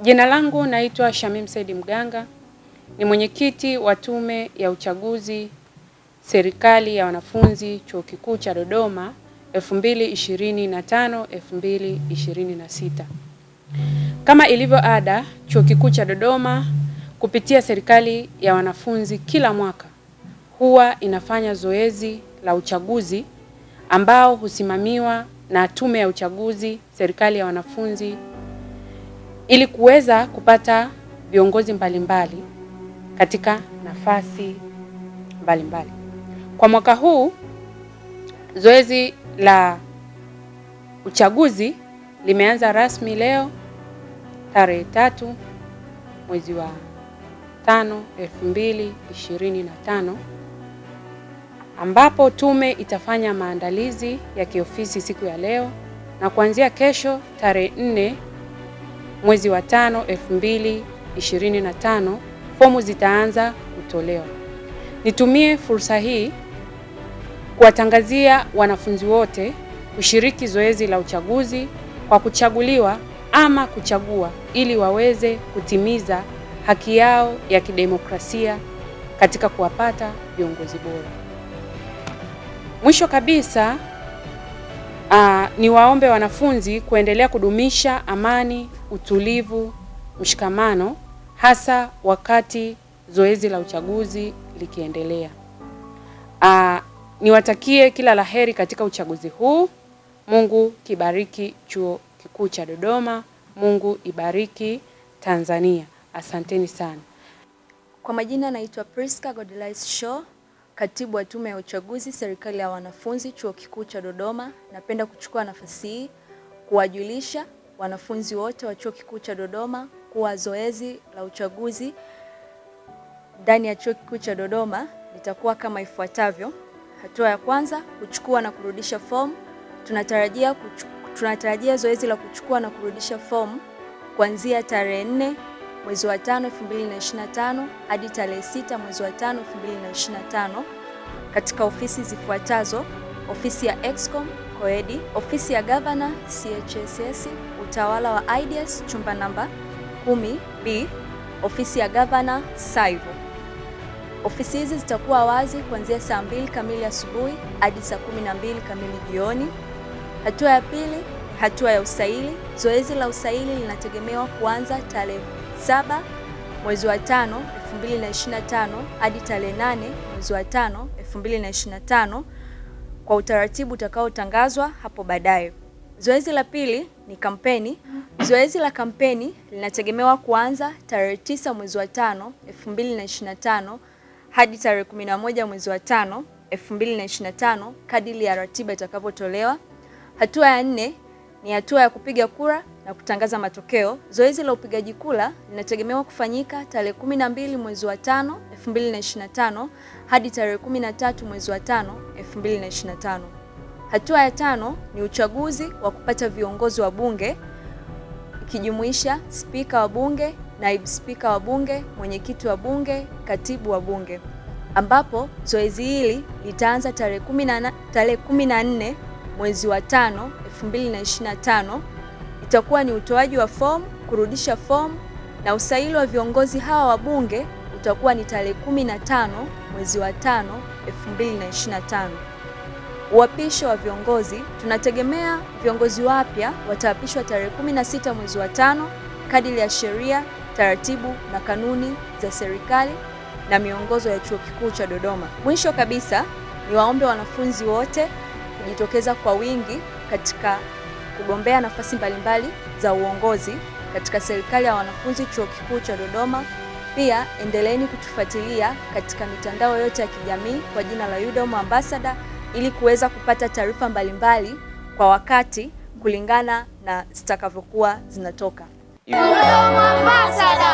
Jina langu naitwa Shamim Said Mganga, ni mwenyekiti wa Tume ya Uchaguzi Serikali ya Wanafunzi Chuo Kikuu cha Dodoma 2025 2026. Kama ilivyo ada, Chuo Kikuu cha Dodoma kupitia Serikali ya Wanafunzi kila mwaka huwa inafanya zoezi la uchaguzi ambao husimamiwa na Tume ya Uchaguzi Serikali ya Wanafunzi ili kuweza kupata viongozi mbalimbali mbali katika nafasi mbalimbali mbali. Kwa mwaka huu zoezi la uchaguzi limeanza rasmi leo tarehe tatu mwezi wa tano elfu mbili ishirini na tano ambapo tume itafanya maandalizi ya kiofisi siku ya leo na kuanzia kesho tarehe nne mwezi wa tano 2025 fomu zitaanza kutolewa. Nitumie fursa hii kuwatangazia wanafunzi wote kushiriki zoezi la uchaguzi kwa kuchaguliwa ama kuchagua ili waweze kutimiza haki yao ya kidemokrasia katika kuwapata viongozi bora. Mwisho kabisa Uh, ah, niwaombe wanafunzi kuendelea kudumisha amani, utulivu, mshikamano hasa wakati zoezi la uchaguzi likiendelea. Uh, niwatakie kila laheri katika uchaguzi huu. Mungu kibariki Chuo Kikuu cha Dodoma. Mungu ibariki Tanzania. Asanteni sana. Kwa majina naitwa Priska Godelice Shaw Katibu wa Tume ya Uchaguzi Serikali ya Wanafunzi Chuo Kikuu cha Dodoma, napenda kuchukua nafasi hii kuwajulisha wanafunzi wote wa Chuo Kikuu cha Dodoma kuwa zoezi la uchaguzi ndani ya Chuo Kikuu cha Dodoma litakuwa kama ifuatavyo. Hatua ya kwanza, kuchukua na kurudisha fomu. Tunatarajia, kuchu, tunatarajia zoezi la kuchukua na kurudisha fomu kuanzia tarehe nne mwezi wa 5 2025 hadi tarehe 6 mwezi wa 5 2025 katika ofisi zifuatazo: ofisi ya Excom Koedi, ofisi ya Gavana CHSS utawala wa IDS chumba namba 10 B, ofisi ya Gavana Saivo. Ofisi hizi zitakuwa wazi kuanzia saa 2 kamili asubuhi hadi saa 12 kamili jioni. Hatua ya pili, hatua ya usaili. Zoezi la usaili linategemewa kuanza tarehe saba mwezi wa tano 2025 hadi tarehe nane mwezi wa tano 2025 kwa utaratibu utakaotangazwa hapo baadaye. Zoezi la pili ni kampeni. Zoezi la kampeni linategemewa kuanza tarehe tisa mwezi wa tano 2025 hadi tarehe 11 mwezi wa tano 2025 kadiri ya ratiba itakapotolewa. Hatua ya nne ni hatua ya kupiga kura na kutangaza matokeo. Zoezi la upigaji kura linategemewa kufanyika tarehe 12 mwezi wa 5 2025 hadi tarehe 13 mwezi wa 5 2025. Hatua ya tano ni uchaguzi wa kupata viongozi wa bunge ikijumuisha spika wa bunge, naibu spika wa bunge, mwenyekiti wa bunge, katibu wa bunge, ambapo zoezi hili litaanza tarehe 14 mwezi wa tano 2025 itakuwa ni utoaji wa fomu, kurudisha fomu na usaili wa viongozi hawa wa bunge utakuwa ni tarehe 15 mwezi wa tano 2025. Uapisho wa viongozi, tunategemea viongozi wapya wataapishwa tarehe 16 mwezi wa tano kadiri ya sheria, taratibu na kanuni za serikali na miongozo ya Chuo Kikuu cha Dodoma. Mwisho kabisa, niwaombe wanafunzi wote kujitokeza kwa wingi katika kugombea nafasi mbalimbali za uongozi katika serikali ya wanafunzi Chuo Kikuu cha Dodoma. Pia endeleeni kutufuatilia katika mitandao yote ya kijamii kwa jina la UDOM Ambassador ili kuweza kupata taarifa mbalimbali kwa wakati kulingana na zitakavyokuwa zinatoka. UDOM Ambassador.